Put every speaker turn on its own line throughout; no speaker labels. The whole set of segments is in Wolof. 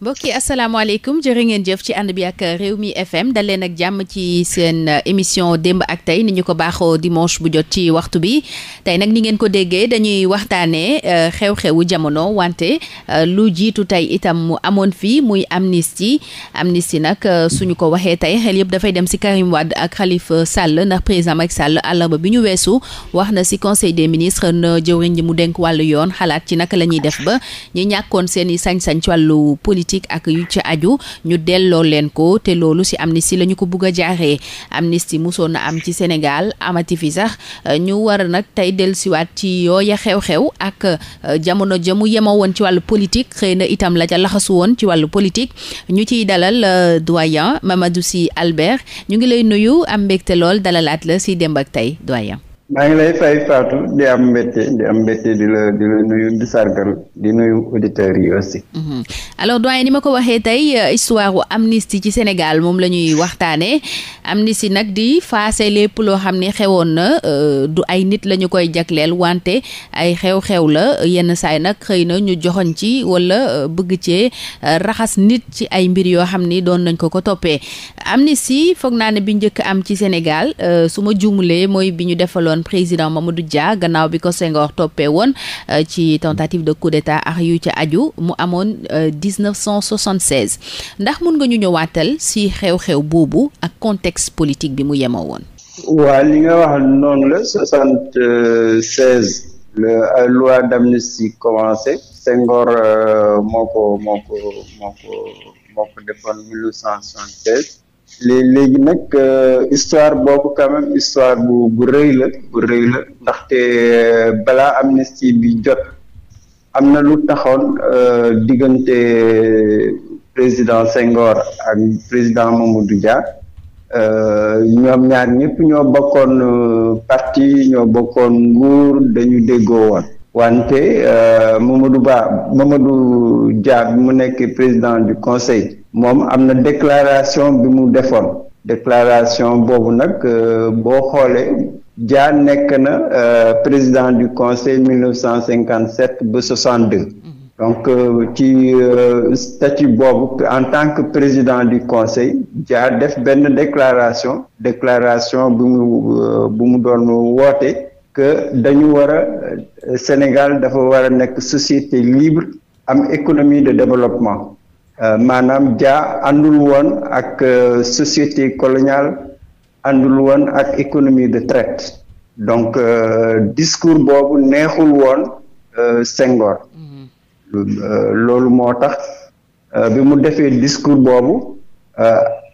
mbokk yi asalaamaaleykum jërë ngeen jëf ci ànd bi ak réew mi FM dal leen ak jàmm ci seen émission démb ak tey ni ñu ko baaxoo dimanche bu jot ci waxtu bi tey nag ni ngeen ko déggee dañuy waxtaanee euh, xew-xewu jamono wante euh, lu jiitu tey itam mu amoon fii muy amnistie amnistie nag euh, suñu ko waxee tey xel yëpp dafay dem si Karim Wade ak Khalifa Sall ndax président ak Sall àllarba bi ñu weesu wax na si conseil des ministres na jëwriñ ji mu denk wàll yoon xalaat ci naka la ñuy def ba ñu ñàkkoon seen i sañ ci wàllu politique politique ak yu ci aju ñu delloo leen ko te loolu si amnistie la ñu ko bugg a jaaree amnistie musoon na am ci Sénégal amati fi sax euh, ñu war nag tey dellusiwaat ci yooya xew-xew ak euh, jamono jëmu yema woon ci wàllu politique xëy na itam la ca laxasu woon ci wàllu politique ñu ciy dalal euh, doyen Mamadou Sy Albert ñu ngi lay nuyu am mbégte lool dalalaat la si démb ak tey doyen.
maa ngi lay fay Fatou di am mbette di am mbette di la di la nuyu di sargal di nuyu auditeurs yi aussi. Mhm.
alors doyen ni ma ko waxee tey euh, histoire wu Amnesty ci senegal moom la ñuy waxtaanee Amnesty nag di faase lépp loo xam ne xewoon na euh, du ay nit la ñu koy jagleel wante ay xew-xew la yenn saay nag xëy na ñu joxoñ ci wala euh, bëgg cee raxas nit ci ay mbir yoo xam ni doon nañ ko ko toppee Amnesty foog naa ne bi njëkk am ci Sénégal su ma juumlee mooy bi ñu defaloon. woon président Mamadou Dia gannaaw bi ko Senghor toppee woon euh, ci tentative de coup d'état ak yu ci aju mu amoon 1976 euh, ndax mun nga ñu ñëwaatal si xew-xew boobu ak contexte politique bi mu yemoo woon.
waaw li nga wax noonu la 76. la euh, loi d'amnistie commencé Senghor moo ko moo ko moo ko moo ko defoon mille neuf léegi nag euh, histoire boobu quand même histoire bu bu rëy la bu rëy la ndaxte euh, balaa amnistie bi jot am na lu taxoon euh, diggante président Senghor ak président Mamadou Dia ñoom ñaar ñëpp ñoo bokkoon parti ñoo bokkoon nguur dañu déggoo woon wante Mamadou Ba Mamadou Dia bi mu nekk président du conseil moom am na déclaration bi mu defoon déclaration boobu nag euh, boo xoolee Dia nekk na euh, président du conseil 1957 ba 62 mm-hmm. donc euh, ci statut boobu en tant que président du conseil Dia def benn déclaration déclaration bu mu bu mu doon woote que dañu war a Sénégal dafa war a nekk société libre am économie de développement Euh, maanaam Dia àndul woon ak euh, société coloniale àndul woon ak économie de traite donc euh, discours boobu neexul woon Senghor mm-hmm. loolu moo tax bi mu defee discours boobu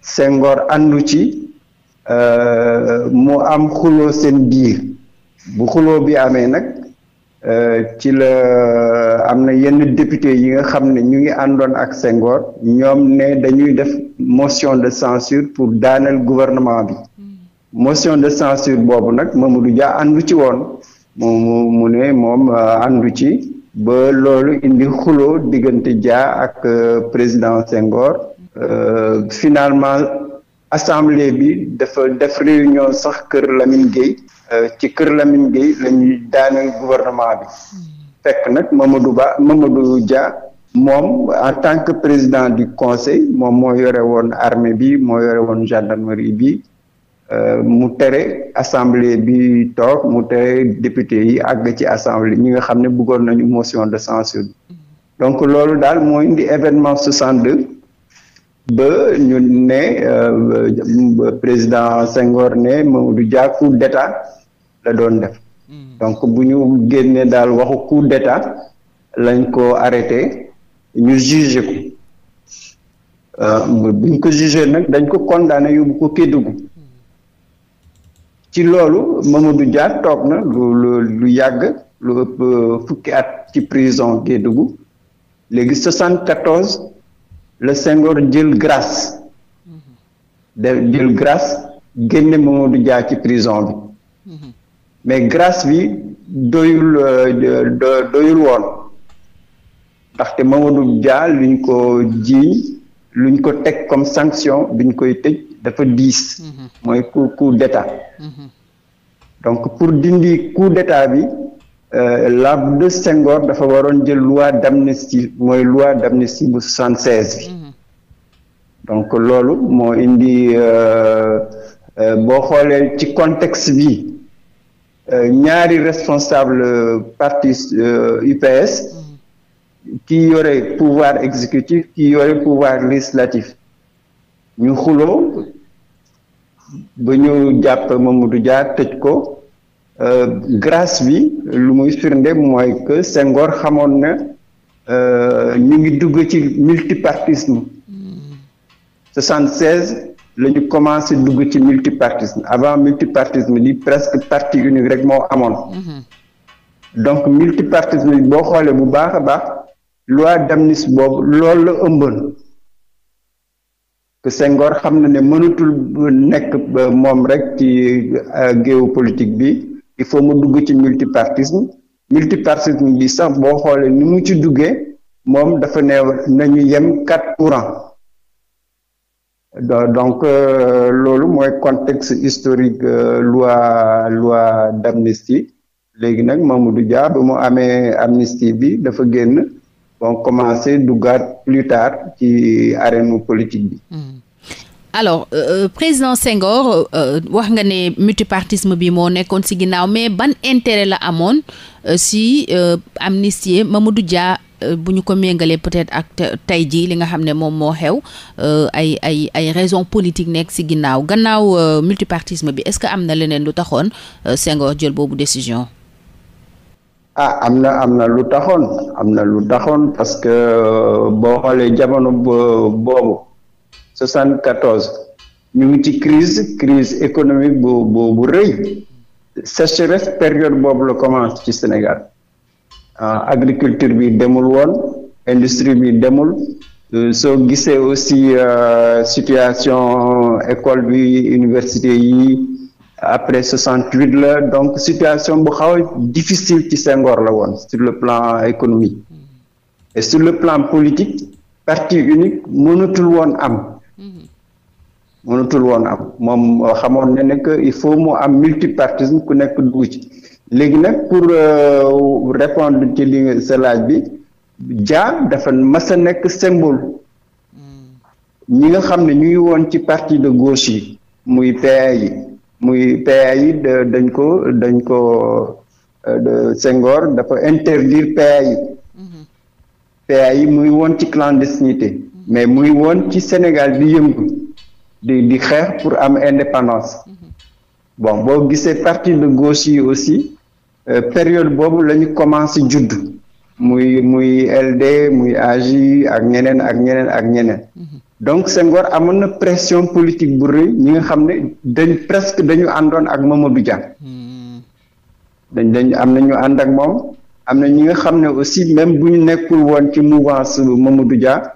Senghor àndu ci mu am xuloo seen biir bu xuloo bi amee nag Euh, ci la euh, am na yenn député yi nga xam ne ñu ngi àndoon ak sengoor ñoom ne dañuy def motion de censure pour daaneel gouvernement bi mm. motion de censure boobu nag Mamadou Dia àndu ci woon mu mu ne moom andu euh, ci ba loolu indi xuloo diggante Dia ak président Senghor finalement assemblée bi dafa def réunion sax kër Lamine Gueye Euh, ci kër Lamine Gueye la ñuy daaneel gouvernement bi fekk nag Mamadou Ba Mamadou Dia moom en tant que président du conseil moom moo yore woon armée bi moo yore woon gendarmerie bi euh, mu tere assemblée bi toog mu tere député yi àgg ci assemblée ñi nga xam ne bëggoon nañu motion de censure donc loolu daal moo indi événement 62 ba ñu ne euh, président Senghor ne Mamadou Dia coup d'état la doon def hmm. donc bu ñu génnee daal waxu coup d'état lañ ko arrêté ñu jugé ko euh, bu ñu ko jugé nag dañ ko condamné yóbbu ko Kédougou ci loolu Mamadou Dia toog na lu lu yàgg lu ëpp euh, fukki at ci prison Kédougou léegi soixante-quatorze la Senghor jël grâce hmm. de jël grâce génne du jaar ci prison bi hmm. mais grace bi doyul euh, doyul woon ndaxte Mamadou Dia luñ ko jiiñ luñ ko teg comme sanction biñ koy tëj dafa diis mhm. mooy coup coup d'état mhm. donc pour dindi coup d'état bi euh, la de Senghor dafa waroon jël loi d'amnistie mooy loi d'amnistie bu soixante seize bi mhm. donc loolu moo indi euh, boo xoolee ci contexte bi Euh, ñaari responsable euh, parti UPS ki yore pouvoir exécutif ki yore pouvoir législatif ñu xuloo ba ñu jàpp du jaar tëj ko euh, grâce bi lu muy firnde mooy que Senghor xamoon na ñu ngi dugg ci multipartisme 76 hmm. lañu ñu commencé dugg ci multipartisme avant multipartisme li presque parti unique rek moo amoon
mhm.
donc multipartisme bi boo xoolee bu baax a baax loi d'amnistie boobu loolu la ëmboon que Senghor xam na ne mënatul nekk moom rek ci euh, géopolitique bi il faut mu dugg ci multipartisme multipartisme bi sax boo xoolee ni mu ci duggee moom dafa ne nañu yem quatre courants donc euh, loolu mooy contexte historique euh, loi loi d'amnistie léegi nag Mamadou Dia ba mu amee amnistie bi dafa génn bon commencé duggaat plus tard ci arène politique bi. Hmm.
alors euh, euh, président Senghor wax nga ne multipartisme bi moo nekkoon si ginnaaw mais ban intérêt la amoon euh, si amnistie Mamadou Dia Euh, bu ñu ko méngalee peut-être ak tey jii li nga xam ne moom moo xew euh, ay ay ay raison politique nekk ci ginnaaw gannaaw euh, multipartisme bi est-ce que am na leneen lu taxoon Senghor jël boobu décision
ah am na am na lu taxoon am na lu taxoon parce que boo xoolee jamono boobu 74 ñu ngi ci crise crise économique bu bu bu rëy période boobu la commence ci Sénégal Euh, agriculture bi demul woon industrie bi demul euh, soo gisee aussi euh, situation école bi université yi après 68 la donc situation bu xaw difficile ci Senghor la woon sur le plan économie et sur le plan politique parti unique mënatul woon am mënatul woon am moom xamoon ne que il faut mu am multipartisme ku nekk dugg ci léegi nag pour euh, répondre ci li sa bi Dia dafa mas nekk symbole hmm. ñi nga xam ne ñu ngi woon ci parti de gauche yi muy PA yi muy PA yi dañ ko dañ ko euh, sengoor dafa interdire PA yi hmm. PA yi muy woon ci clandestinité hmm. mais muy woon ci Sénégal di yëngu di di xeex pour am indépendance bon boo gisee parti de gauche yi aussi Euh, période boobu lañu ñu commencé muy muy LD muy AJ ak ñeneen ak ñeneen ak ñeneen mhm. donc Senghor amoon na pression politique bu rëy ñi nga xam ne dañ presque dañu àndoon ak Mamadou Dia mhm. dañ dañ am na ànd ak moom am na ñi nga xam ne aussi même bu ñu nekkul woon ci mouvance Mamadou Dia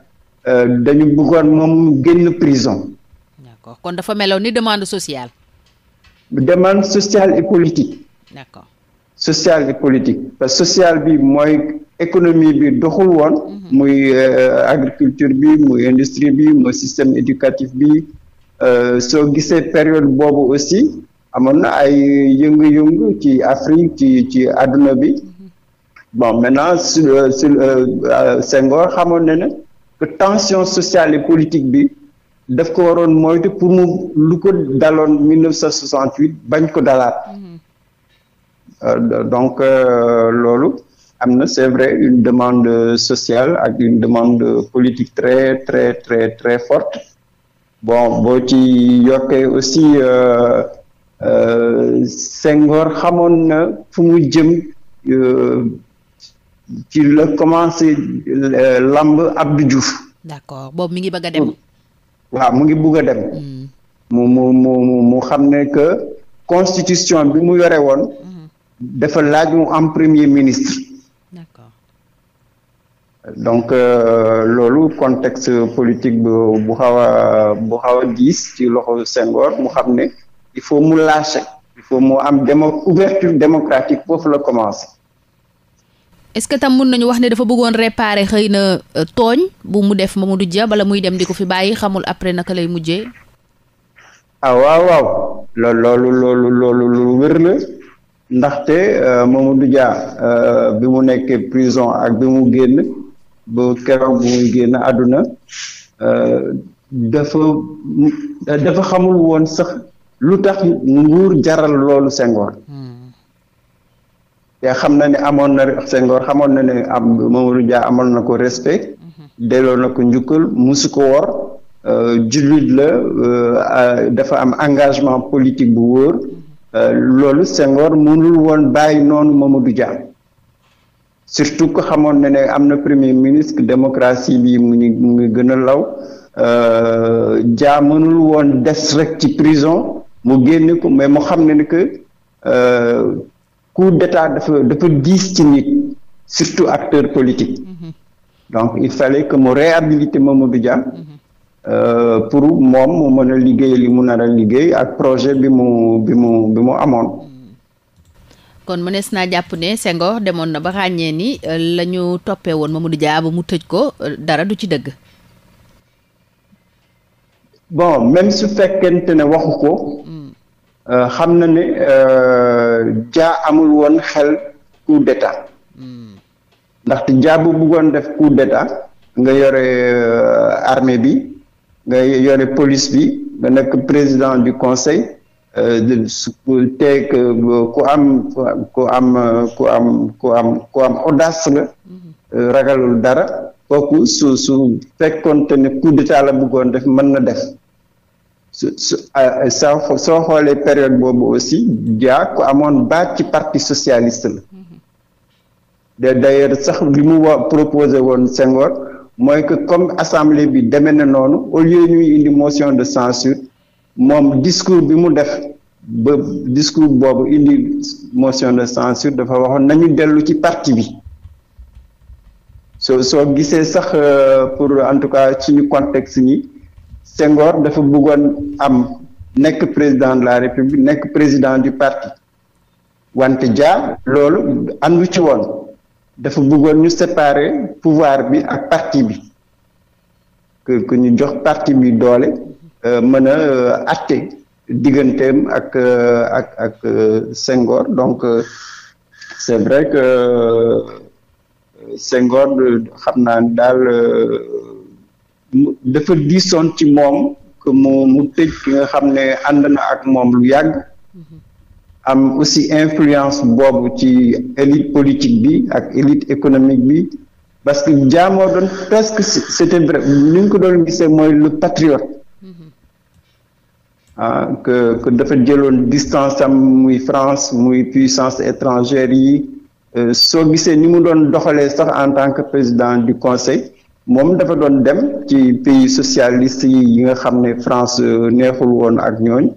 euh, dañu buggoon moom génn prison.
d'accord kon dafa meloon ni demande sociale.
demande sociale et politique. d'accord. social bi politique sociale bi mooy économie bi doxul woon mhm. muy euh, agriculture bi muy industrie bi muy système éducatif bi euh, soo gisee période boobu aussi amoon na ay yëngu-yëngu ci Afrique ci ci adduna bi mhm. bon maintenant sur euh, sur Senghor xamoon na ne que tension sociale et politique bi def ko waroon moytu pour mu lu ko daloon 1968 bañ ko dalaat mhm. Euh, donc euh, loolu am na c'est vrai une demande sociale ak une demande politique très très très très forte bon boo ci yokkee aussi euh, Senghor xamoon na fu mu jëm ci la commencé lamb Abdou Diouf.
d'accord boobu mi ngi bëgg a dem.
waaw mu ngi bëgg a dem. Hmm. mu mu mu mu xam ne que constitution bi mu yore woon. Hmm. dafa laaj mu am premier ministre. donc euh, loolu contexte politique bu bu xaw a bu xaw a gis ci loxo Senghor mu xam ne il faut mu lâcher il faut mu am démo ouverture démocratique foofu la commencé.
est-ce que tam mun nañu wax ne dafa bëggoon réparer xëy na euh, tooñ bu mu def ma mu Dia bala muy dem di ko fi bàyyi xamul après naka lay mujjee.
ah waaw waaw loolu loolu loolu lu wér la. ndaxte euh, Mamadou Dia euh, bi mu nekkee prison ak bi mu génn ba keroog bu muy génn àdduna euh, dafa dafa xamul woon sax lu tax nguur jaral loolu Senghor hmm. te xam na ne amoon na sengoor xamoon na ne am Mamadou Dia amoon na ko respect hmm. delloo na ko njukkal musu ko wor jullit la dafa am engagement politique bu wóor Euh, loolu Senghor mënul woon bàyyi noonu Mamadou Dia surtout ko xamoon na ne am na premier ministre démocratie bi mu ngi mu ngi gën a law euh, Dia mënul woon des rek ci prison mu génne ko mais mu xam ne ne que euh, coup d'état dafa dafa diis ci nit surtout acteur politique mm-hmm. donc il fallait que mu réhabiliter Mamadou Dia. Mm-hmm. Euh, pour moom mu mën a liggéey li mu nar a liggéey ak projet bi mu bi mu bi mu amoon.
kon mënees naa jàpp ne Senghor demoon na ba ràññee ni euh, la ñu toppee woon Mamadou Dia ba mu tëj ko euh, dara du ci dëgg.
bon même su fekkente ne waxu ko. Hmm. xam na ne jaa amul woon xel coup d'état. Hmm. ndaxte Dia bu bëggoon def coup d'état nga yore armée bi nga yore police bi nga nekk président du conseil euh, teeg euh, ku am ku am ku am ku am ku am audace la mm-hmm. euh, ragalul dara kooku su su fekkonte ne coup d'état la bëggoon def mën na def su su soo xoolee période boobu aussi jaa ku amoon baat ci parti socialiste la mm-hmm. d'ailleurs sax li mu wa woon Senghor mooy que comme assemblée bi demee na noonu au lieu ñuy indi motion de censure moom discours bi mu def ba discours boobu indi motion de censure dafa waxoon nañu dellu ci parti bi soo soo gisee sax euh, pour en tout cas suñu contexte ñi Senghor dafa bëggoon am nekk président de la République nekk président du parti wante Dia loolu andu ci woon dafa bëggoon ñu séparer pouvoir bi ak parti bi que que ñu jox parti bi doole euh, mën a euh, atte digganteem ak euh, ak ak Senghor donc c'est vrai que Senghor xam naa daal dafa diisoon ci moom que mu mu tëj ki nga xam ne ànd na ak moom lu yàgg. Mm-hmm. am aussi influence boobu ci élite politique bi ak élite économique bi parce que jaamoo doon presque c'était vrai ni nga ko doon gise mooy le patriote mm-hmm. ah que que dafa jëloon distance am muy France muy puissance étrangère yi euh, soo gisee ni mu doon doxalee sax en tant que président du conseil moom dafa doon dem ci pays socialiste yi yi nga xam ne France euh, neexul woon ak ñooñ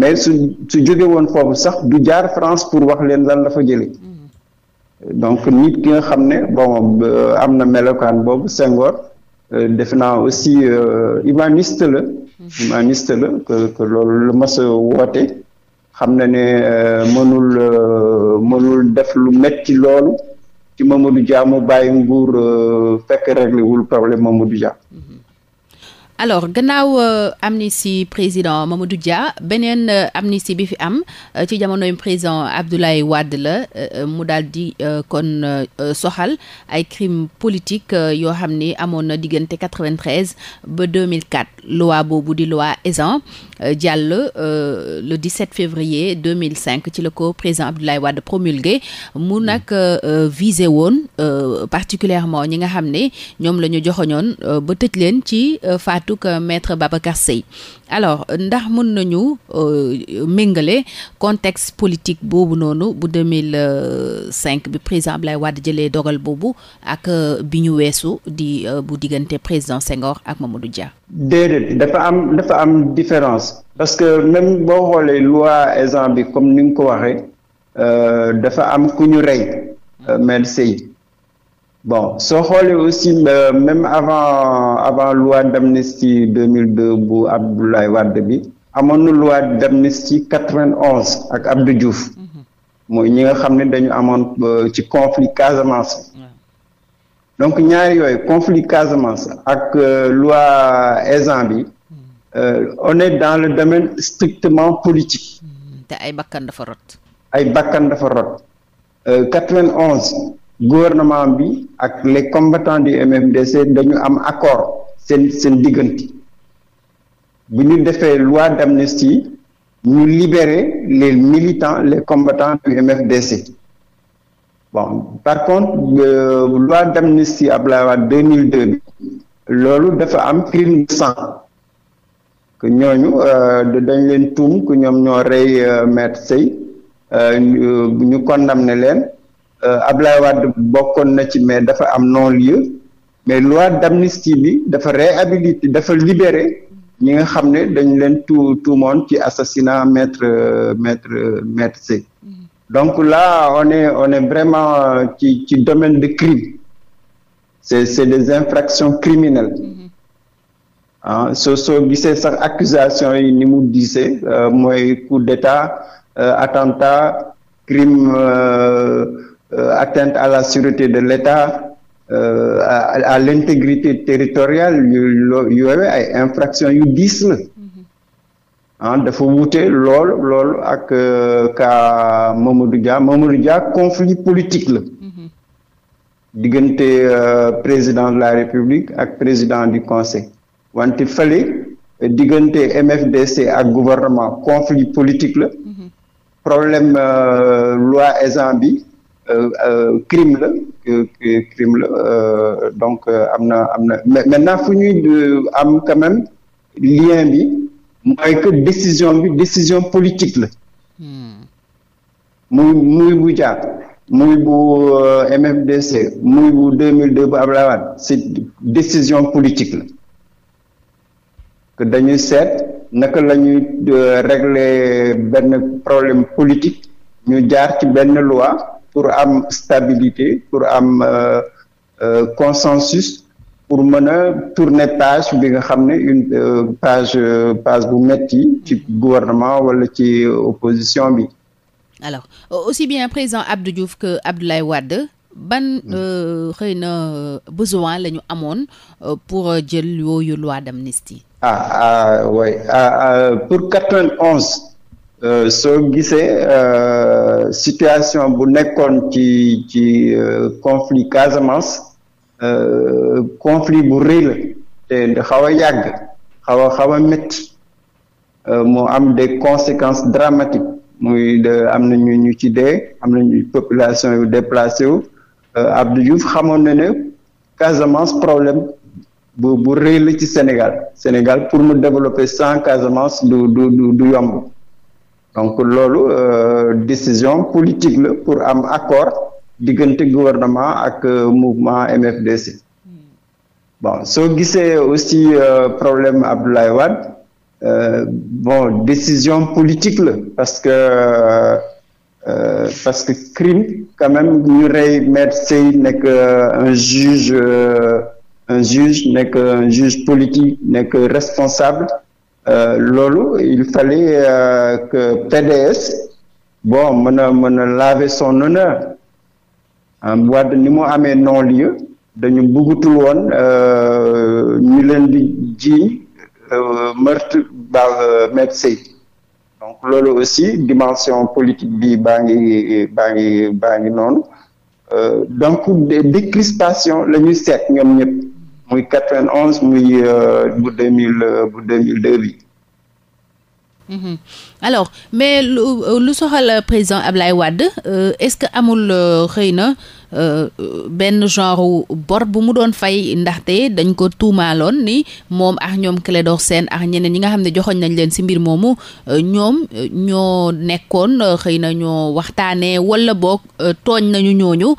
mais su su jóge woon foofu sax du jaar France pour wax leen lan dafa fa mm-hmm. donc nit ki nga xam ne bon euh, am na melokaan boobu Senghor euh, def naa aussi euh, humaniste la mm-hmm. humaniste la que que loolu lu mas a woote xam na ne mënul mënul def lu metti loolu ci Mamadou Dia mu bàyyi nguur fekk réglé wul problème Mamadou Dia mm-hmm.
alors gannaaw am euh, amnistie président Mamadou Dia beneen am euh, amnistie bi fi am euh, ci jamonoy président Abdoulaye Wade la mu daal di kon soxal ay crimes politique yoo xam ni amoon na diggante 93 ba 2004 loi boobu di loi Ezzan jàll le 17 février 2005 ci la ko président Abdoulaye Wade promulgué mu nag visé woon particulièrement ñi nga xam ni ñoom la ñu joxoñoon ba tëj leen ci faat faatug maître Babacar Sèye alors ndax mën nañu euh, méngale contexte politique boobu noonu bu 2005 bi président Abdoulaye Wade jëlee dogal boobu ak euh, bi ñu weesu di euh, bu diggante président Senghor ak Mamadou Dia.
déedéet dafa am dafa am différence parce que même boo xoolee loi exemple bi comme ni nga ko waxee dafa am ku ñu rey maître Sèye bon soo xoolee aussi euh, même avant avant loi d'amnistie 2002 bu Abdoulaye Wade bi amoon na loi d'amnistie 91 ak Abdou Diouf mm-hmm. mooy ñi nga xam ne dañu amoon euh, ci conflit Casamance donc ñaari yooyu conflit Casamance ak euh, loi Ezzan bi mm-hmm. on est dans le domaine strictement politique.
Mm-hmm. te ay bakkan dafa rot.
ay bakkan dafa rot. 91. gouvernement bi ak les combattants du MMDC dañu am accord seen seen diggante bu ñu defee loi d'amnistie ñu libérer les militants les combattants du MFDC bon par contre euh, loi d'amnistie Abdoulaye Wade 2002 bi loolu dafa am crime de sang que ñooñu euh, dañ leen tuum que ñoom ñoo rey euh, maître Sey euh, ñu condamné leen Euh, Ablaye Wade bokkoon na ci mais dafa am non lieu mais loi d'amnistie bi dafa réhabilité dafa libéré ñi nga xam ne dañ leen tout tuumoon ci assassinat maître euh, maître euh, maître Seck donc la on one vraiment ci ci domaine de crime c'est c'est des infractions criminelles mm-hmm. ah soo soo gisee sax accusation yi ni mu diisee mooy coup d'état attentat crime Euh, atteinte à la sûreté de l'État euh, à, à l'intégrité territoriale yooyu ay infraction yu diis la mm-hmm. ah dafa wuute lool lool ak ka euh, Mamadou Dia Mamadou Dia conflit politique la mm-hmm. diggante président de la République ak président du conseil wante fale diggante MFDC ak gouvernement conflit politique la mm-hmm. problème loi Ezzan bi Euh, euh, crime la crime la euh, donc am na am na maintenant fu ñuy am quand même lien bi mooy que décision bi décision politique la muy muy bu jaar muy bu MFDC muy bu 2002 bu Abdoulaye Wade c'est décision politique la que dañuy seet naka la ñuy régler benn problème politique ñu jaar ci benn loi pour am stabilité pour am euh, euh, consensus pour mën a tourner page bi nga xam ne une euh, page page bu metti ci gouvernement wala ci opposition bi.
alors aussi bien président Abdou Diouf que Abdoulaye wadd ban mm. xëy na besoin la ñu amoon pour jël yooyu loi d'amnistie.
ah ah oui ah, ah, pour quatre-vingt-onze Euh, soo gisee euh, situation bu nekkoon ci ci euh, conflit Casamance conflit bu rëy la te xaw a yàgg xaw a xaw a métti moo am de conséquence dramatique muy de am na ñu ñu ci dee am na ñu population yu déplacé wu Abdou Diouf xamoon na ne Casamance problème bu bu rëy ci Sénégal Sénégal pour mu développer sans Casamance du du du yomb. donc loolu euh, décision politique la pour am accord diggante gouvernement ak euh, mouvement MFDC hmm. bon soo gisee aussi euh, problème Abdoulaye Wade bon décision politique la parce que Euh, parce que crime quand même ñu rey maître Sèye nekk un juge euh, un juge nekk un juge politique nekk responsable Euh, loolu il fallait euh, que PDS bon mën a mën a laver son honneur Wade ni mu amee non-lieu dañu bëggatul woon euh, ñu leen di jiiñ meurtre ba maître donc loolu aussi dimension politique bi baa ngi baa ngi baa ngi noonu donc des décrispations la ñuy seet ñoom ñëpp muy quatre muy euh, bu deux mille euh, bu deux mille
mhm. mais lu euh, lu président Ablaye Wade euh, est-ce que amul xëy na euh, benn genre bor bu mu doon fay ndaxte dañ ko tuumaaloon ni moom ak ñoom Clédor seen ak ñeneen ñi nga xam ne joxoñ nañ leen ci mbir moomu ñoom ñoo nekkoon xëy na ñoo waxtaanee walla boog tooñ nañu ñooñu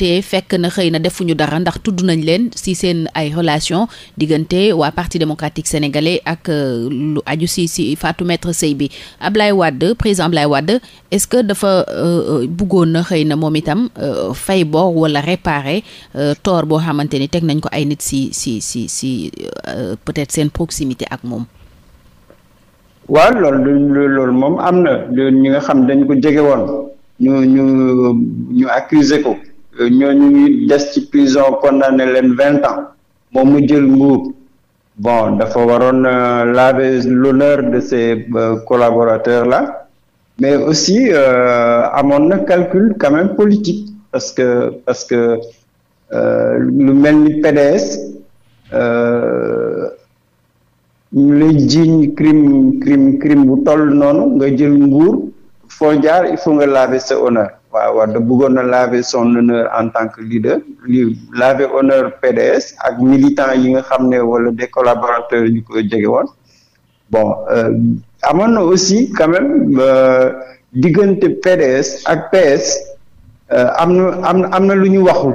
te fekk na xëy na defuñu dara ndax tudd nañ leen si seen ay relation diggante waa parti démocratique sénégalais ak euh, lu aju si si Fatou Maître Sèye bi Ablaye Wade président Ablaye Wade est-ce que dafa euh, euh, buggoon na xëy na moom itam fay bor wala réparer tort boo xamante ni teg nañ ko ay nit si si si si peut-être seen proximité ak moom.
waaw loolu loolu moom am na ñu nga xam dañ ko jege woon ñu ñu ñu accuser ko ñoo ñu ñooñu des ci prison condamné leen vingt ans moom mu jël nguur bon dafa waroon euh, laver l'honneur de ces euh, collaborateurs la mais aussi euh, amoon na calcul quand même politique parce que parce que lu mel ni PDS. ñu lay jiiñ crime crime crime bu toll noonu nga jël nguur foo jaar il faut nga laver sa honneur waaw Wade bëggoon na laver son honneur en tant que leader li laver honneur PDS ak militant yi nga xam ne wala des yi yu ko jege woon bon euh, amoon na aussi quand même euh, diggante PDS ak PS euh, am na lu ñu waxul.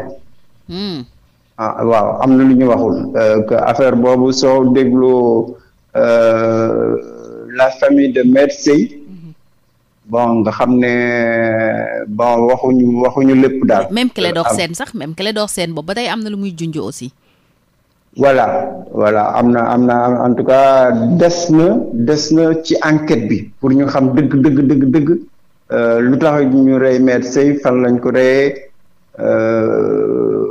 Hmm. Ah, waaw am na lu ñu waxul que affaire boobu soo dégloo la famille de Maître Sèye bon nga xam ne bon waxuñu waxuñu lépp daal. même Clédor seen
sax même Clédor Sène boobu ba tey am na lu muy junj aussi.
voilà voilà am na am na en tout cas des na des na ci enquête bi pour ñu xam dëgg dëgg dëgg dëgg euh, lu tax ñu rey maître Sèye fan lañ ko reyee euh,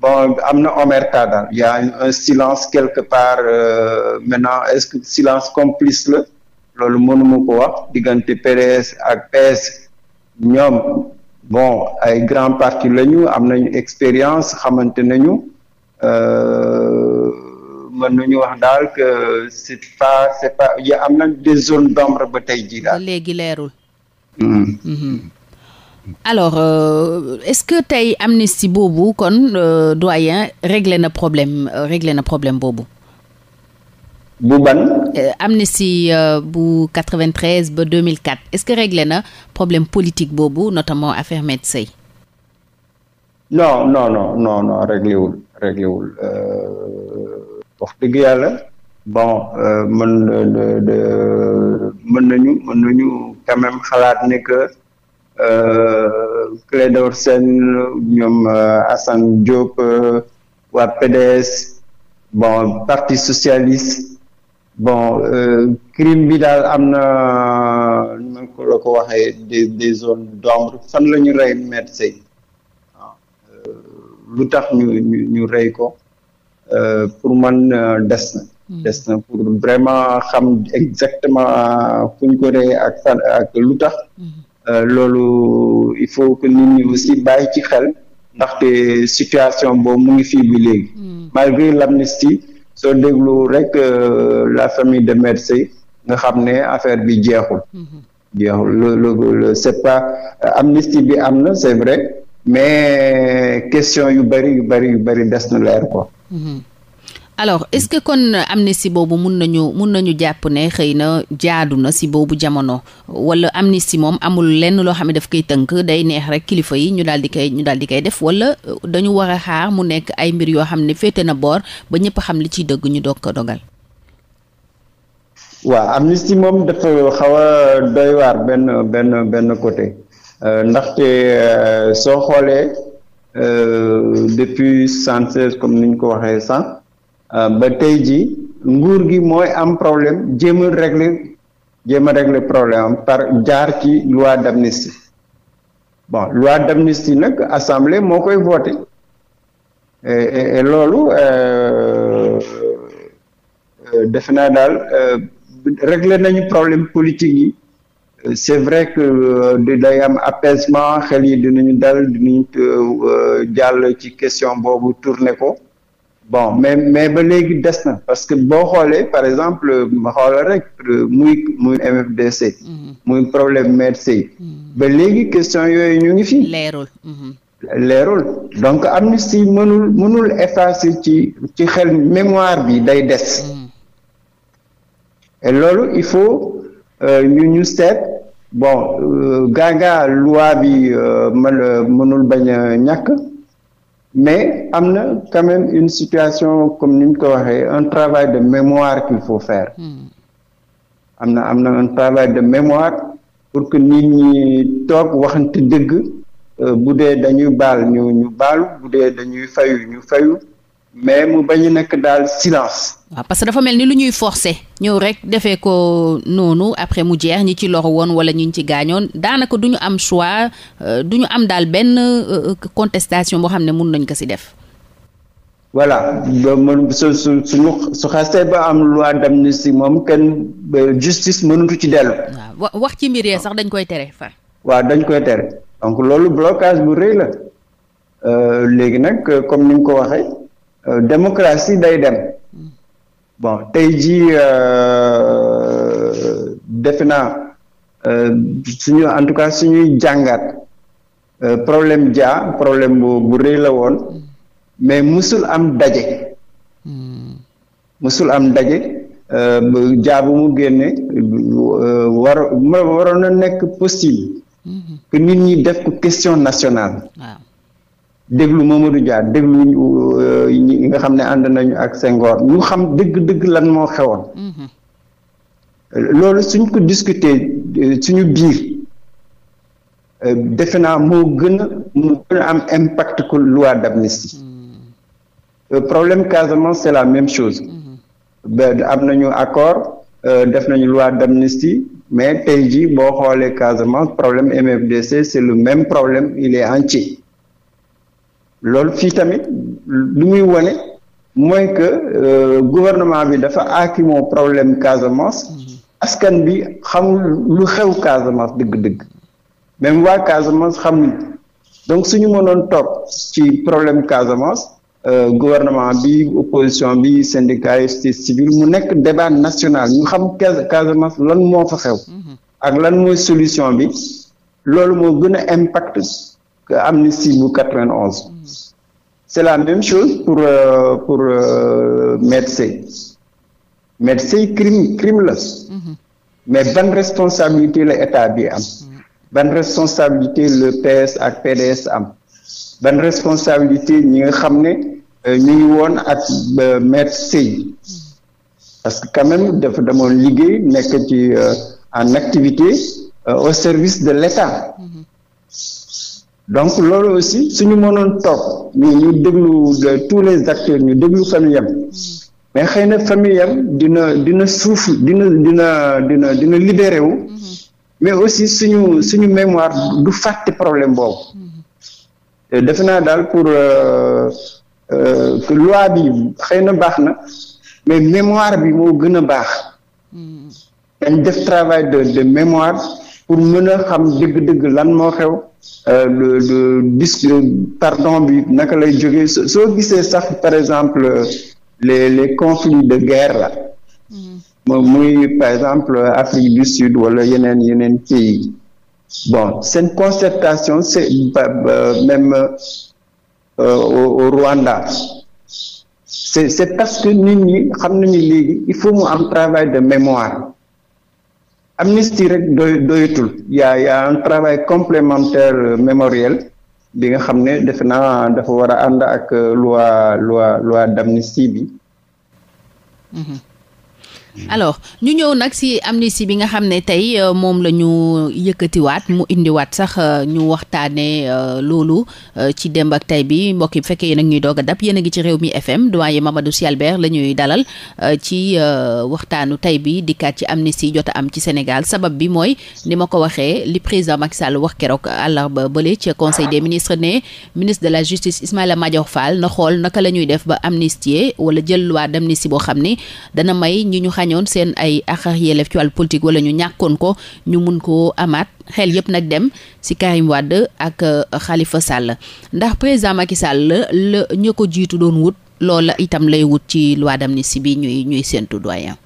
bon am na omerta daal y un silence quelque part euh, maintenant est-ce que silence complice la. loolu mënuma ko wax diggante PDS ak PS ñoom bon ay grand parti lañu am nañu expérience xamante nañu euh, mën nañu wax daal que c'est pas c'est pas ya am nañ des zones d'ombre ba tey jii daal.
léegi leerul. Hmm. Mhm. alors euh, est-ce que tey amnistie boobu kon euh, doyen réglé na problème euh, na problème boobu.
bu ban.
Euh, amnistie euh, bu 93 ba 2004 est-ce que réglé na problème politique boobu notamment affaire Me Sèye
non non non non non réglé wul réglé wul euh, wax dëgg yàlla bon mën de de mën nañu mën nañu même xalaat ne que Clédor Sène ñoom Assane Diop waa PDS bon parti socialiste. bon euh, crime bi daal am na nu ko la ko waxee des des zones d'ombre fan la ñu rey maître ah, euh, lu tax ñu ñu ñu rey ko euh, pour man des na hmm. des na pour vraiment xam exactement fu ñu ko rey ak ak lu tax hmm. loolu il faut que nit ñi aussi bàyyi ci xel ndaxte situation bo mu ngi fii bi léegi hmm. malgré l'amnistie soo déglu rek euh, la famille de Mercy nga xam ne affaire bi jeexul. Mm-hmm. jeexul le le c'est pas euh, amnistie bi am na c'est vrai mais question yu bari yu bari yu bari des na leer ko.
alors est-ce que kon am ni si boobu mun nañu mun nañu jàpp ne xëy na jaadu na si boobu jamono wala si moom amul lenn loo xam ne daf koy tënk day neex rek kilifa yi ñu daal di koy ñu daal di koy def wala euh, dañu war a xaar mu nekk ay mbir yoo xam ne féete na boor ba ñëpp xam li ciy dëgg ñu doog ko dogal.
waaw amnistie moom dafa xaw doy waar benn benn benn côté euh, ndaxte euh, soo xoolee depuis soixante-seize comme ni ñu ko waxee sànq. Euh, ba tey ji nguur gi mooy am problème jéem a régler jéem a régler problème par jaar ci loi d'amnistie bon loi d'amnistie nag assemblée moo koy voté et loolu euh, euh, defe naa daal régler nañu problème politique yi c'est vrai que day am apaisement xel yi dinañu dal dinañu jàll ci question boobu tourné ko bon mais mais ba léegi des na parce que boo xoolee par exemple ma xoolal rek muy muy MFDC. Mm-hmm. muy problème MFDC yi. Mm-hmm. ba léegi question yooyu ñu ngi fi. leerul. Mm-hmm. leerul donc amnistie mënul mënul effacer ci ci xel mémoire bi day des. et loolu il faut euh, ñu ñu seet bon euh, gaaga loi bi euh, mën mënul bañ a ñàkk. mais am na quand une situation comme ni ñu ko waxee un travail de mémoire qu'il faut faire hmm. am na am na un travail de mémoire pour que nit ñi toog waxante dëgg euh, bu dee dañuy baal ñu ñu baalu bu dee dañuy fayu ñu fayu mais mu bañ a nekk daal silence.
waaw parce que dafa mel ni lu ñuy forcer ñëw rek defee ko noonu après mu jeex ñi ci loxo woon wala ñu ci gaañoon daanaka du ñu am choix euh, du ñu am daal benn euh, euh, contestation boo xam ne mun nañ ko si def.
voilà man su su su xasee ba am loi d'amnistie moom kenn ci dellu.
waaw wax ci mbir yee sax dañ koy tere fa.
waa dañ koy tere donc loolu blocage bu rëy la léegi nag comme ni nga ko waxee. Euh, démocratie day dem bon tey jii euh, defe naa euh, suñu en tout cas suñuy jàngat problème ja problème bu rëy la woon mais musul am daje musul am daje jaa bu mu génne war waroon na nekk possible mhm. que nit ñi def ko question nationale. déglu Mamadou jaar déglu euh, ñi nga xam ne ànd nañu ak Senghor ñu xam dëgg-dëgg lan moo xewoon mm-hmm. loolu suñ ko discuter euh, suñu biir euh, defe naa moo gën a moo gën am impact que loi d'amnistie mm-hmm. problème Casamance c'est la même chose mm-hmm. ba am nañu accord def nañu loi d'amnistie mais tey jii boo xoolee Casamance problème MFDC c'est le même problème il est entier loolu fii tamit lu muy wane mooy que euh, gouvernement bi dafa aakimoo problème Casamance mm-hmm. askan bi xamul lu xew Casamance dëgg-dëgg même waa Casamance xamuñ donc suñu mënoon toog ci problème Casamance euh, gouvernement bi opposition bi syndicat yi société mu nekk débat national ñu xam Casamance lan moo fa xew mm-hmm. ak lan mooy solution bi loolu moo gën a impact que amnistie bu 91. c'est la même chose pour euh, pour euh, crime crime la. Mhm. mais ban responsabilité la état bi am. ban responsabilité le PS ak PDS am. ban responsabilité ñi nga xam ne euh, ñu ngi woon ak euh, maître Sèye parce que quand même dafa demoon liggéey nekk ci euh, en activité au service de l'État mhm. donc loolu aussi suñu mënoon toog ñu ñu déglu euh, tous les acteurs ñu déglu famiyam mais xëy na famiyam dina dina suuf dina dina dina dina libéré wu mm-hmm. mais aussi suñu suñu mémoire du fàtte problème boobu mm-hmm. defe naa daal pour euh, euh, que loi bi xëy na baax na mais mémoire bi moo gën a baax mm-hmm. dañ def travail de de mémoire pour mën a xam dëgg dégg lan moo xew Euh, le disque euh, pardon bi naka lay jógee soo gisee sax par exemple euh, les les conflits de guerre la mm. moom muy par exemple Afrique du Sud wala yeneen yeneen pays bon seen concertation c'est même euh, au, au Rwanda c'est parce que nit ñi xam nañu léegi il faut mu am travail de mémoire amnistie rek doy doyatul yaa yaa un travail complémentaire euh, mémoriel bi nga xam ne defe naa dafa war a ànd ak euh, loi loi loi d'amnistie bi.
Mm-hmm. Mm. alors ñu ñëw nag si amnistie bi nga xam ne tey euh, moom la ñu yëkkatiwaat mu indiwaat sax euh, ñu waxtaanee euh, loolu ci démb ak tey bi mbokk yi fekkee nag ñuy doog dab yéen a ci réew mi FM doyen Mamadou Sy Albert la ñuy dalal ci waxtaanu tey bi dikkaat ci amnistie jot am ci Sénégal sabab bi mooy ni ma ko waxee li président Macky Sall wax keroog àllarba bële ci conseil des ministres ne ministre de la justice Ismaïla Madior Fall na xool naka la ñuy def ba amnistier wala jël loi boo xam ne gaañoon seen ay àq ak yelleef ci wàllu ñu ñàkkoon ko ñu mun ko amaat xel yëpp nag dem si Karim Wade ak xalifa euh, Sall ndax président Macky Sall la ñu ko jiitu doon wut loola itam lay wut ci loi d'amnistie bi ñuy ñuy séntu doyen.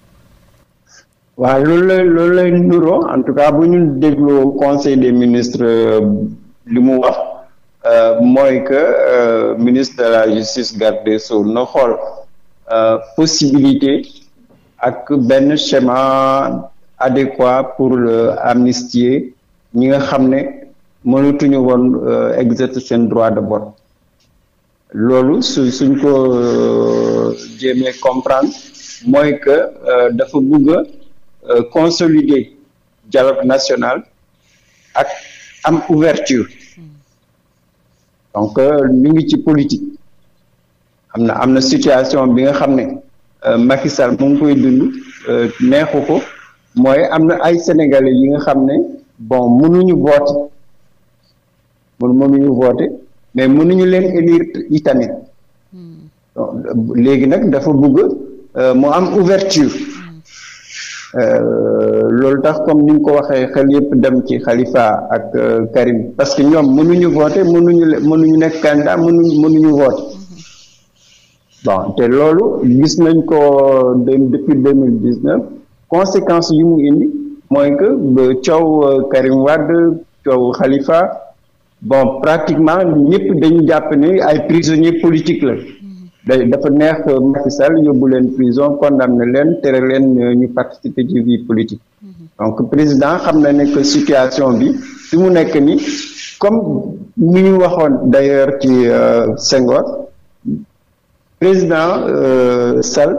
waaw loolu la loolu nuroo en tout cas bu ñu dégloo conseil des ministre euh, li mu wax euh, mooy que ministre de la justice garde des sceaux xool possibilité. ak benn schéma adéquat pour le amnistier ñi nga xam ne mënatuñu woon euh, exercer seen droit de vote loolu su suñ ko euh, jéemee comprendre mooy que euh, dafa bëgg a consolider dialogue national ak am ouverture donc ñu ngi ci politique na am na situation bi nga xam ne Euh, Macky Sall mu koy dund euh, neexu ko mooy am na ay sénégalais yi nga xam ne bon mënuñu voter mun mënuñu voter mais mënuñu leen élire yi tamit hmm. léegi nag dafa bëgg euh, mu am ouverture hmm. loolu tax comme ni nga ko waxee xel yëpp dem ci Khalifa ak Karim parce que ñoom mënuñu voter mënuñu mënuñu nekk candidat mënuñu mënuñu voter bon te loolu gis nañ ko depuis deux mille dix neuf conséquences yi mu indi mooy que ba coow euh, Karim Wade coow xalifa bon pratiquement ñëpp dañu jàpp ne ay prisonniers politiques la. dafa neex Macky Sall yóbbu leen prison condamné leen tere leen euh, ñu participer ci vie politique donc président xam na ne que situation bi fi mu nekk nii comme ni ñu waxoon d'ailleurs ci euh, Senghor président euh, Sall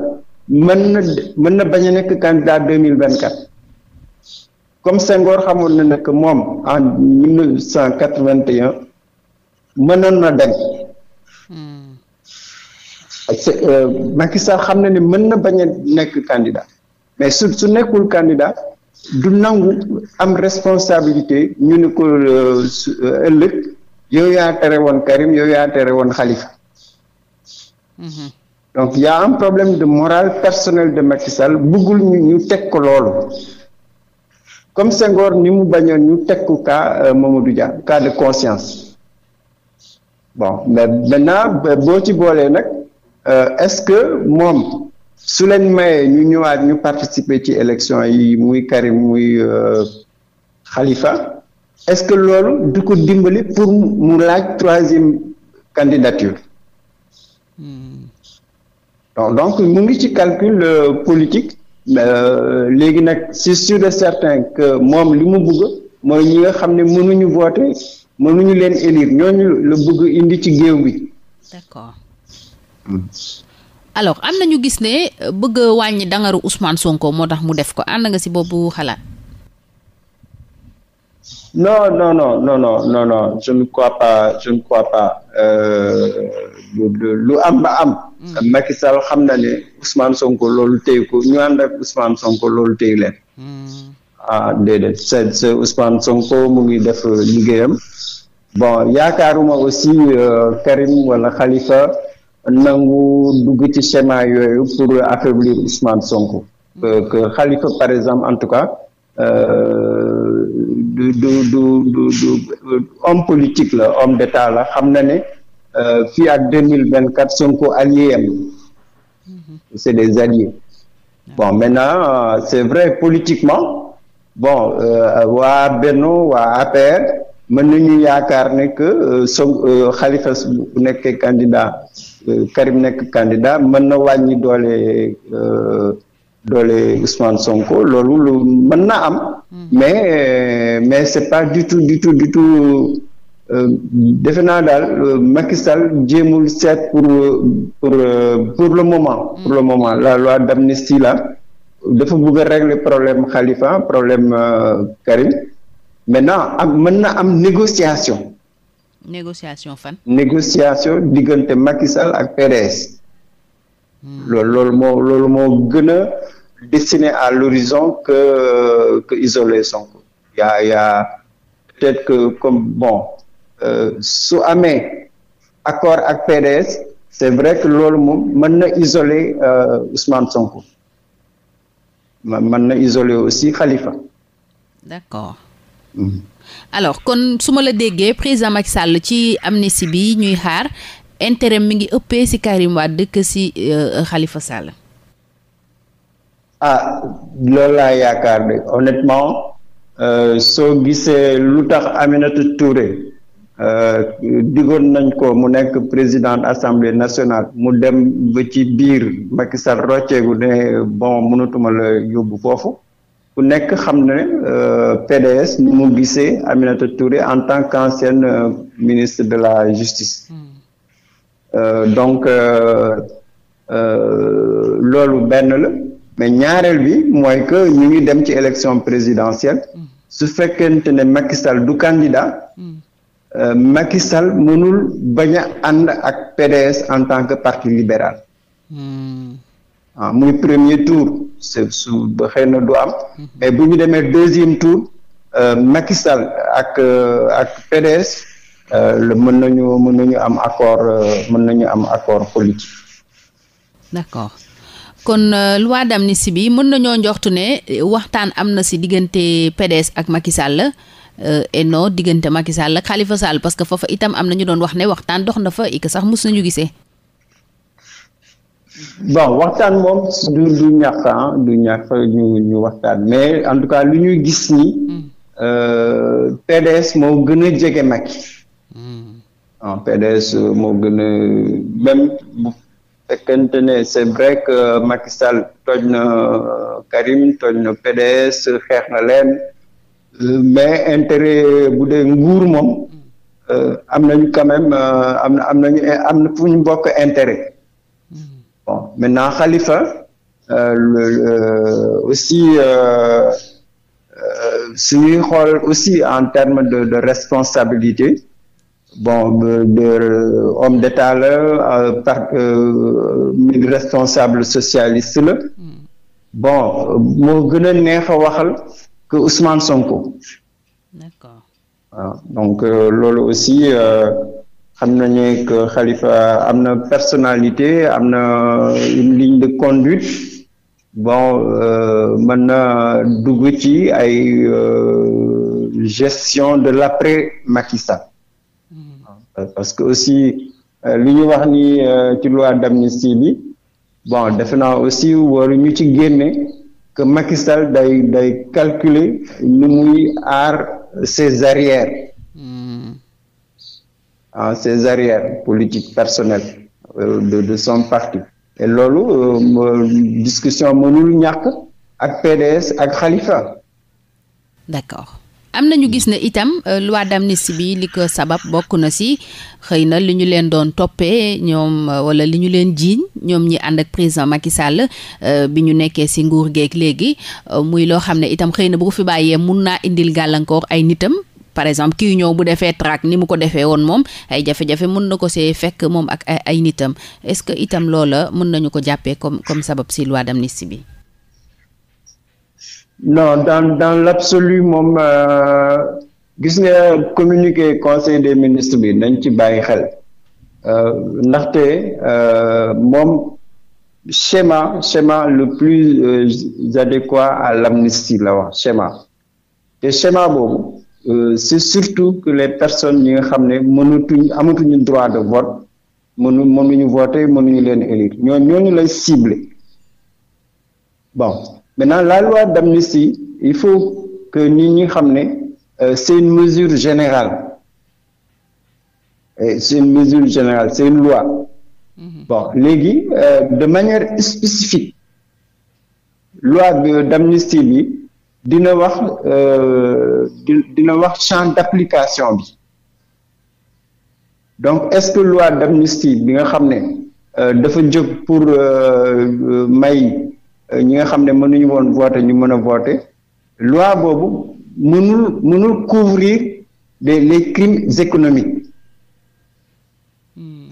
mën na mën na bañ a nekk candidat mille vingt quatre comme Senghor xamoon na ne que moom en mille neuf cent quatre vingt et un mënoon na dem. Hmm. Euh, Macky Sall xam na ne mën na bañ a nekk candidat mais su su nekkul candidat du nangu am responsabilité ñu ne ko euh, ëllëg yow yaa tere woon Karim yow yaa tere woon Khalifa. Mm-hmm. donc y' a problème de morale personnelle de Macky Sall bëggul ñu ñu teg ko loolu comme Senghor ni mu bañoon ñu teg ko cas euh, Mamadou Dia cas de conscience bon mais maintenant euh, boo ci boolee nag euh, est-ce que moom su leen mayee ñu ñëwaat ñu participer ci élection yi muy Karim muy Khalifa est-ce que loolu di ko dimbali pour mu laaj troisième candidature. Mm. donc mu ngi ci calcul euh, politique euh, léegi nag c'est sûr et certain que moom li mu bugg mooy ñi nga xam ne mënuñu voter mënuñu leen élire ñooñu la bugg indi ci géew bi.
d'accord. alors am na ñu gis ne euh, bëgg a wàññi dangaru Ousmane Sonko moo tax mu def ko ànd nga si boppu xalaat.
Non, non, non, non, non, non, non, je ne crois pas, je euh, lu am ba am. Hmm. Macky xam na ne Ousmane Sonko loolu téye ko ñu ànd ak Ousmane loolu téye leen. Hmm. ah déedéet c'est c'est Ousmane Sonko mu ngi def euh, liggéeyam bon yaakaaruma aussi euh, Karim wala Khalifa nangu dugg ci schéma yooyu pour affaiblir Ousmane Sonko. Hmm. Euh, que que par exemple en tout cas. Euh, du du du du homme politique la homme d'état la xam na ne euh, fii ak deux mille vingt quatre Sonko allié am mm-hmm. c'est des alliés ah. bon maintenant euh, c'est vrai politiquement bon waa Benno waa APR mën nañu yaakaar ne que so Khalifa bu nekkee candidat Karim nekk candidat mën na wàññi doole doole Ousmane Sonko loolu lu mën na am. Hmm. mais euh, mais c'est pas du tout du tout du tout euh, defe naa daal euh, makisal Sall jéemul seet pour pour pour le moment. Hmm. le moment la loi d'amnistie là dafa bëgg a problème Khalifa problème Karim maintenant am mën na am négociation.
négociation fan.
négociation diggante Macky ak PDS. Hmm. loolu loolu moo loolu moo gën destiné à l'horizon que, que isoler Sonko. Il y a, il que comme bon euh, su amee accord ak PDS c'est vrai que loolu moom mën na isoler euh, Ousmane Sonko mën na isoler aussi Khalifa.
d'accord. Mm-hmm. alors kon su ma la déggee président Macky Sall ci am ni amnistie bi ñuy xaar intérêt mi ngi ëppee si Karim Wade que ci xalifa euh, Sall.
ah loolu laa yaakaar de honnêtement euh, soo gisee lu tax Aminata Touré euh, digoon nañ ko mu nekk présidente assemblée nationale mu dem ba ci biir Macky Sall rocceegu ne bon mënatuma la yóbbu foofu fu nekk xam ne euh, PDS ni mu gisee Aminata Touré en tant qu'ancienne ministre de la justice hmm. donc loolu benn la mais ñaareel bi mooy que ñu ngi dem ci élection présidentielle mm. su fekkente ne Macky du candidat mm. euh, Macky mënul baña a ànd ak PDS en tant que parti libéral mm. ah muy premier tour su ba xëy na du am mm-hmm. mais bu ñu demee deuxième tour euh, Macky Sall ak euh, ak PDS mën nañu mën nañu am accord mën nañu am accord politique
kon luwaa euh, loi d'amnistie bi mën nañoo njoxtu ne euh, waxtaan am na si diggante PDS ak Macky Sall euh, et non diggante Macky Sall ak Khalifa Sall parce que foofa itam am na ñu doon wax ne waxtaan dox na fa i sax mus nañu gisee.
bon waxtaan moom du du ah, du ñàkk ñu ñu waxtaan mais en tout cas lu ñuy gis ni mm. PDS moo gën a jege Macky. Mm. ah moo gën a même bu fekkente ne c'est vrai que Macky Sall toj na euh, Karim toj na PDS xeex na leen euh, mais intérêt bu dee nguur moom euh, am nañu quand même am na am nañu am na fu bokk intérêt bon maintenant Khalifa euh, le, le, aussi suñuy euh, aussi en termes de de responsabilité bon de euh, homme d'État la euh, par euh, responsable socialiste la hmm. bon moo gën a neex a waxal que Ousmane Sonko. d'accord donc loolu aussi xam nañu que Khalifa am na personnalité am na une ligne de conduite bon man na dugg ci ay gestion de l'après Macky Sall Euh, parce que aussi euh, li ñu wax ni euh, ci loi d'amnistie bi bon defe naa aussi waru ñu ci génne que Macky Sall day day calculer lu muy aar ses arrières hmm. ah ses arrières politiques personnelles de de son parti. et loolu discussion mënul ñàkk ak PDS ak xalifa d'accord.
am na ñu gis ne itam euh, loi d'amnistie bi li ko sabab bokk na si xëy na li ñu leen doon toppee ñoom euh, wala li ñu leen jiiñ ñoom ñi ànd ak président Macky Sall euh, bi ñu nekkee si nguur geeg léegi muy loo xam ne itam xëy na bu ko fi bàyyee mun naa indil gàllankoor ay nitam par exemple kii ñëw bu defee traque ni mu ko defee woon moom ay jafe-jafe mun na ko see fekk moom ak ay nitam est-ce que itam loola mën nañu ko jàppee comme comme sabab si loi d'amnistie bi.
non dans dans l'absolu moom euh, gis nga communiqué conseil des ministres bi nañ ci bàyyi xel euh, ndaxte euh, moom schéma schéma le plus euh, adéquat à l'amnistie la wax schéma te schéma boobu euh, c'est surtout que les personnes yi nga xam ne mënatuñ amatuñu droit de vote mënu mënuñu voter mënuñu leen élire ñoo ñooñu lay ciblé bon maintenant la loi d'amnistie il faut que nit ñi xam ne euh, c'est une mesure générale c'est une mesure mm-hmm. générale bon léegi euh, de manière spécifique loi d'amnistie bi dina wax euh, dina wax champ d'application bi donc est-ce que loi d'amnistie bi nga xam ne euh, dafa jóg pour may ñi nga xam ne mënuñu woon voter ñu mën a voter loi boobu mënul mënul couvrir les les crimes économiques hmm.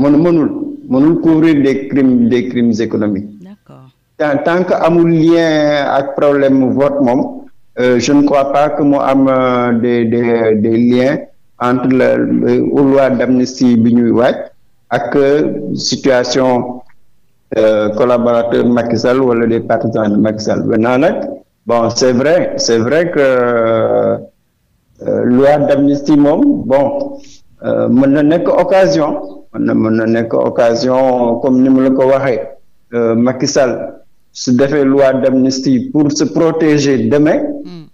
mënu mënul mënul couvrir les crimes les crimes économiques. tan tant que amul lien ak problème mu vote moom euh, je ne crois pas que mu am euh, de des des liens entre la loi d'amnistie bi ñuy waaj ak euh, situation. Euh, collaborateurs Macky Sall wala les partisans de Macky Sall maintenant nag bon c'est vrai c'est vrai que euh, loi d'amnistie moom bon euh, mën na nekk occasion man na mën na nekk occasion comme ni mu la ko waxee Macky Sall su defee loi d'amnistie pour se protéger demain mm.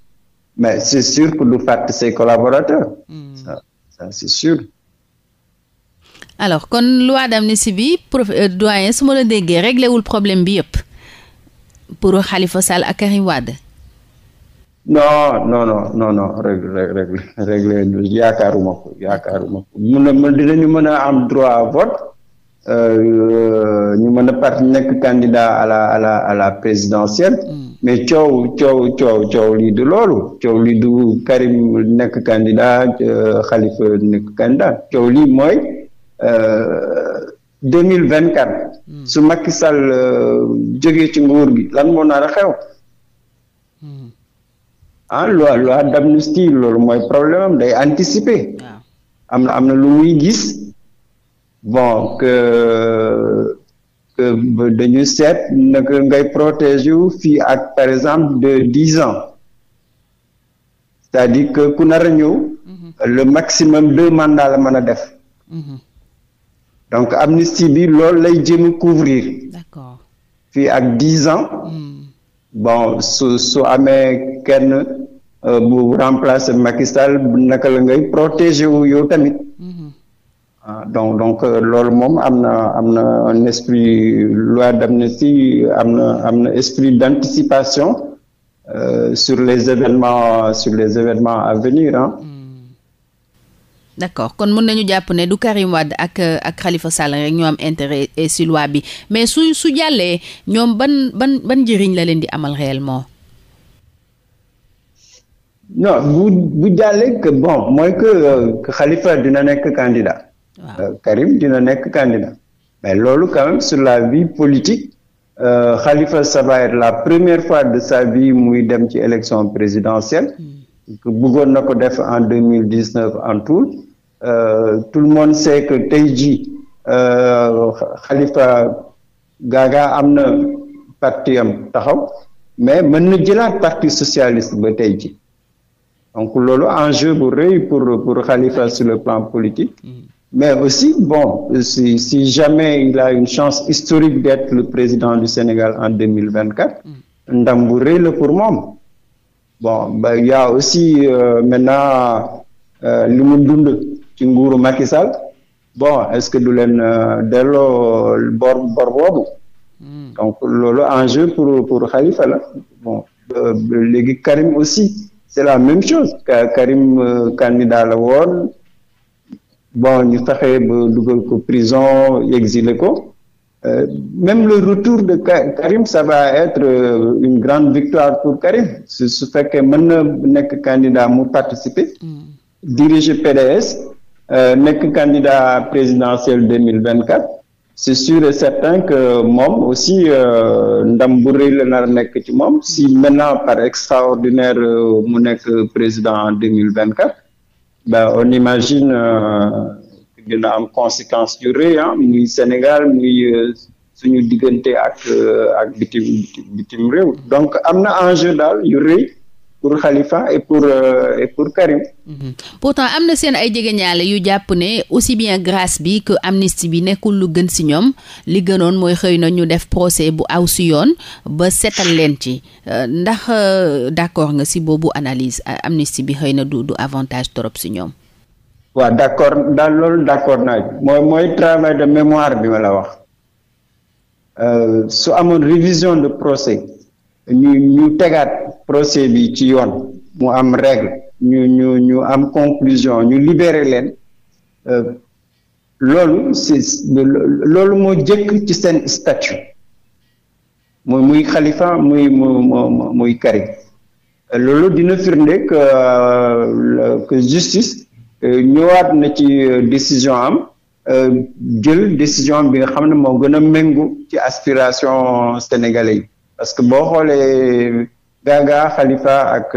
mais c'est sûr que du fàtte ses collaborateurs mm. ça ça c'est sûr
alors kon loi d'amnistie bi prof euh, doyen su ma la déggee réglé wul problème bi yëpp pour Khalifa Sall ak Karim Wade.
non non non non non réglé réglé réglé yaakaaruma ko yaakaaruma ko mun na dinañu mën a am droit à vote euh, ñu mën a parti nekk candidat à la à la à la présidentielle. Mm. mais coow coow coow coow lii du loolu coow lii du Karim nekk candidat euh, Khalifa nekk candidat coow lii mooy. Euh, deux mille vingt quatre. Hmm. su Macky Sall euh, jógee ci nguur gi lan moo nar a xew. Hmm. ah loi loolu mooy problème am day anticiper. Ah. am na am na lu muy gis bon que que dañu seet naka ngay protéger fii ak par exemple de dix ans c'est-à-dire que ku nar a ñëw. Hmm. le maximum deux mandats la mën a def. donc amnistie bi loolu lay jéem couvrir d'accord fii ak dix ans hmm. bon su su amee kenn euh, bu remplacer Macky naka la ngay protéger wu yow tamit hmm. ah, donc donc euh, loolu moom am na am na un esprit loi d'amnistie am na am na esprit d'anticipation euh, sur les événements sur les événements à venir hein. Mm.
d'accord kon mën nañu jàpp ne du Karim Wade ak euh, ak Khalifa Sall rek ñoom am intérêt euh, si bi mais su su jàllee ñoom ban ban ban njëriñ la leen di amal réellement.
non bu bu jàllee que bon mooy que euh, Khalifa dina nekk candidat. waaw Karim dina nekk candidat. mais loolu quand même sur la vie politique Khalifa ça la première fois de sa vie muy dem ci élection présidentielle. Mm. buggoon na ko def en deux mille dix neuf en tout euh, tout le monde sait que tey jii euh, Khalifa Gaga am na parti am taxaw mais mën na jëlaat parti socialiste ba tey jii donc loolu enjeu bu rëy pour pour Khalifa sur le plan politique mm. mais aussi bon si si jamais il a une chance historique d'être le président du Sénégal en deux mille vingt quatre mm. ndam bu rëy la pour moom. bon ba y' a aussi euh, maintenant euh, li mu dund ci nguuru makisal bon est-ce que du leen euh, delloo euh, bor hmm. donc loolu enjeu pour pour Khalifa la bon léegi Karim aussi c'est la même chose Karim candidat la woon bon ñu fexe ba dugal ko prison exilé ko. Euh, même le retour de Karim ça va être euh, une grande victoire pour Karim su su fekkee mën na nekk candidat mu participer. Mm. diriger PDS. Euh, nekk candidat présidentiel deux mille vingt quatre. c'est sûr et certain que moom aussi euh, ndam bu rëy la nekk ci moom si maintenant par extraordinaire mu nekk président en deux mille on imagine. dina am conséquence yu rëy ah muy Sénégal muy euh, suñu diggante ak euh, ak bitim réew donc am na enjeu daal yu rëy pour Khalifa et pour euh, et pour Karim. Mm-hmm.
pourtant am na seen ay jegeñaale yu jàpp ne aussi bien grace bi que amnistie bi nekkul lu gën ci ñoom li gënoon mooy xëy na ñu def procès bu aw si yoon ba seetal leen ci euh, ndax d'accord nga si boobu analyse amnistie bi xëy na du du avantage trop ci ñoom.
waaw d' accord daal loolu d' accord naa mooy mooy travail de mémoire bi ma la wax euh, su amoon révision de procès ñu ñu tegaat procès bi ci yoon mu am règle ñu ñu ñu am conclusion ñu libérer leen euh, loolu si loolu moo jëkk ci seen statut muy muy xalifa muy muy muy Karim euh, loolu dina firnde que justice Euh, ñëwaat na ci euh, décision am euh, jël décision bi nga xam ne moo gën a méngu ci aspiration sénégalais yi parce que boo xoolee Gaga Khalifa ak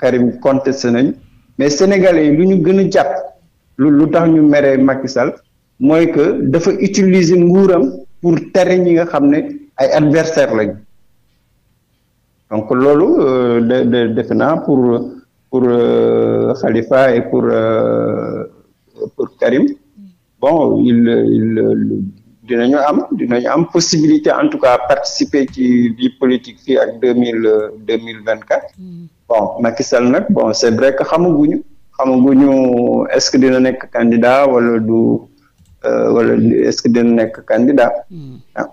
Karim contesté nañ mais sénégalais yi lu ñu gën a jàpp lu lu tax ñu mere Macky Sall mooy que dafa utiliser nguuram pour tere ñi nga xam ne ay adversaire lañ donc loolu de de pour pour euh, Khalifa et pour euh, pour Karim mm. bon il il dinañu am dinañu am possibilité en tout cas participer ci vie politique fii ak deux mille deux mille vingt quatre mm. bon Macky Sall nag bon c'est vrai que xamaguñu xamaguñu est-ce que dina nekk candidat wala du euh, wala est-ce que dina nekk candidat mm. ah.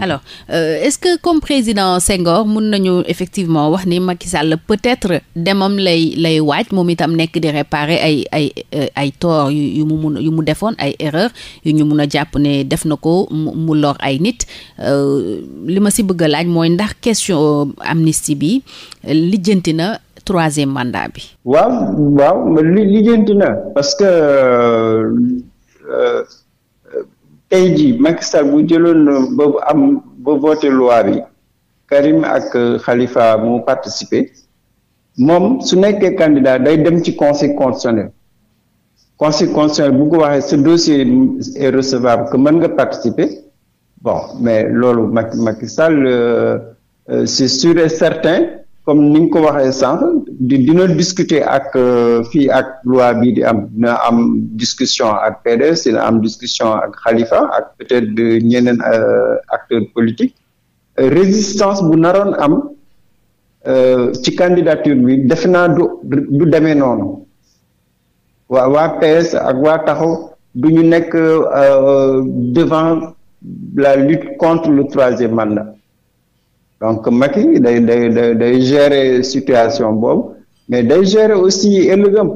alors euh, est-ce que comme président Senghor mun nañu effectivement wax ni Macky Sall peut-être demam lay lay waaj moom itam nekk di réparer ay ay euh, ay tort yu mu mun yu mu defoon ay erreur yu ñu mun a jàpp ne def na ko mu mu lor ay nit euh, li ma si bëgg a laaj mooy ndax question euh, amnistie bi lijjanti na troisième mandat bi.
waaw waaw li lijjanti na parce que. tey jii Macky Sall bu jëloon ba am ba voté loi bi Karim ak Khalifa mu participer moom su nekkee candidat day dem ci conseil constitutionnel conseil constitutionnel bu ko waxee ce dossier est recevable que mën nga participer bon mais loolu Macky Macky Sall euh, euh, c'est sûr et certain. comme ni nga ko waxee sànq dina discuter ak euh, fii ak loi bi di am dina am discussion ak PDS dina am discussion ak Khalifa ak peut-être ñeneen euh, acteurs politiques résistance bu naroon am euh, ci candidature bi defe naa du du demee noonu waa waa PS ak waa taxaw du ñu nekk devant la lutte contre le troisième mandat donc Macky day day day day gérer situation boobu mais day gérer aussi ëllëgam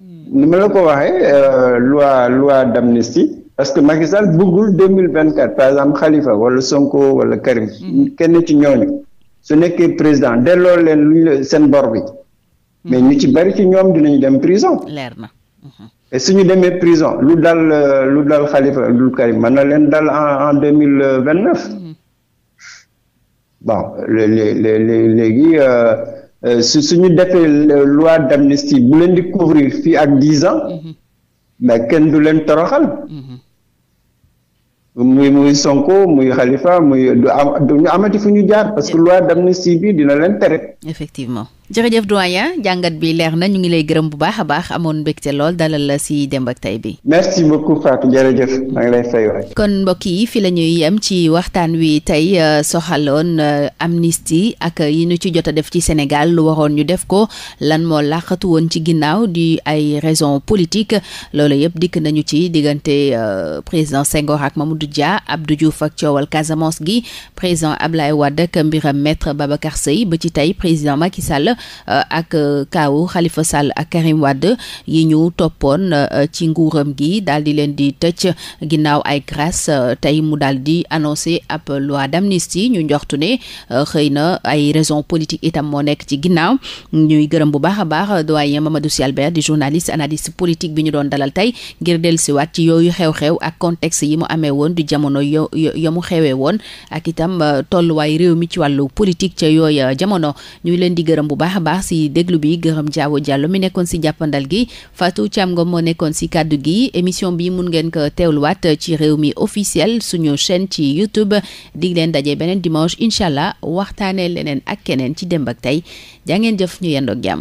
hmm. ni ma la ko waxee euh, loi loi d'amnistie parce que Macky Sall bëggul deux mille vingt quatre par exemple Khalifa wala Sonko wala Karim hmm. kenn ci ñooñu su nekkee président delloo leen luñ seen bor bi hmm. mais ñu ci bari ci ñoom dinañu dem prison. leer na. et demee prison lu dal lu dal xalifa lu Karim mën na leen dal en en deux mille vingt neuf. bon léegi euh, euh, su suñu defee loi d'amnistie bu leen di couvrir fii ak dix ans mhm. mais kenn du leen toroxal mhm. muy muy Sonko muy Khalifa muy du am du ñu amati fu ñu jaar parce que loi d'amnistie bi dina leen tere
effectivement jërëjëf doyen jàngat bi leer na ñu ngi lay gërëm bu baax a baax amoon mbégte lool dalal la si démb ak tay bi. kon mbokk yi fi la ñuy yem ci waxtaan wi tey euh, soxaloon euh, amnistie ak euh, yi ñu ci jot a def ci Sénégal lu waroon ñu def ko lan moo làqatu woon ci ginnaaw di ay raison politique loolu yëpp dikk nañu ci diggante président Senghor ak Mamadou Dia Abdou Diouf ak coowal Casamance gi président Ablaye Wade ak mbiram maître Babacar Sèye ba ci tey président Sall Euh, ak euh, kaawu xalifa Sall ak Karim wadd yi ñu toppoon euh, ci nguuram gi daal di leen di tëcc ginnaaw ay grâce tey mu daal di annoncé ab loi d'amnistie ñu njoxtu ne xëy na ay raison politique itam moo nekk ci ginnaaw ñuy gërëm bu baax a baax doyen Mamadou Sy Albert di journaliste analyste politique bi ñu doon dalal tey ngir dellusiwaat ci yooyu xew-xew ak contexte yi mu amee woon di jamono yo yo mu xewee woon ak itam tolluwaay réew mi ci wàllu politique ca yooya jamono ñuy leen di gërëm bu baax baax a baax si déglu bi gërëm Diawo Diallo mi nekkoon si jàppandal gi Fatou Thiam Ngom moo nekkoon si kàddu gi émission bi mun ngeen ko teewluwaat ci réew mi officiel suñu chaîne ci YouTube dig leen daje beneen dimanche incha allah waxtaanee leneen ak keneen ci démb ak tey jaa jëf ñu yendoog jàmm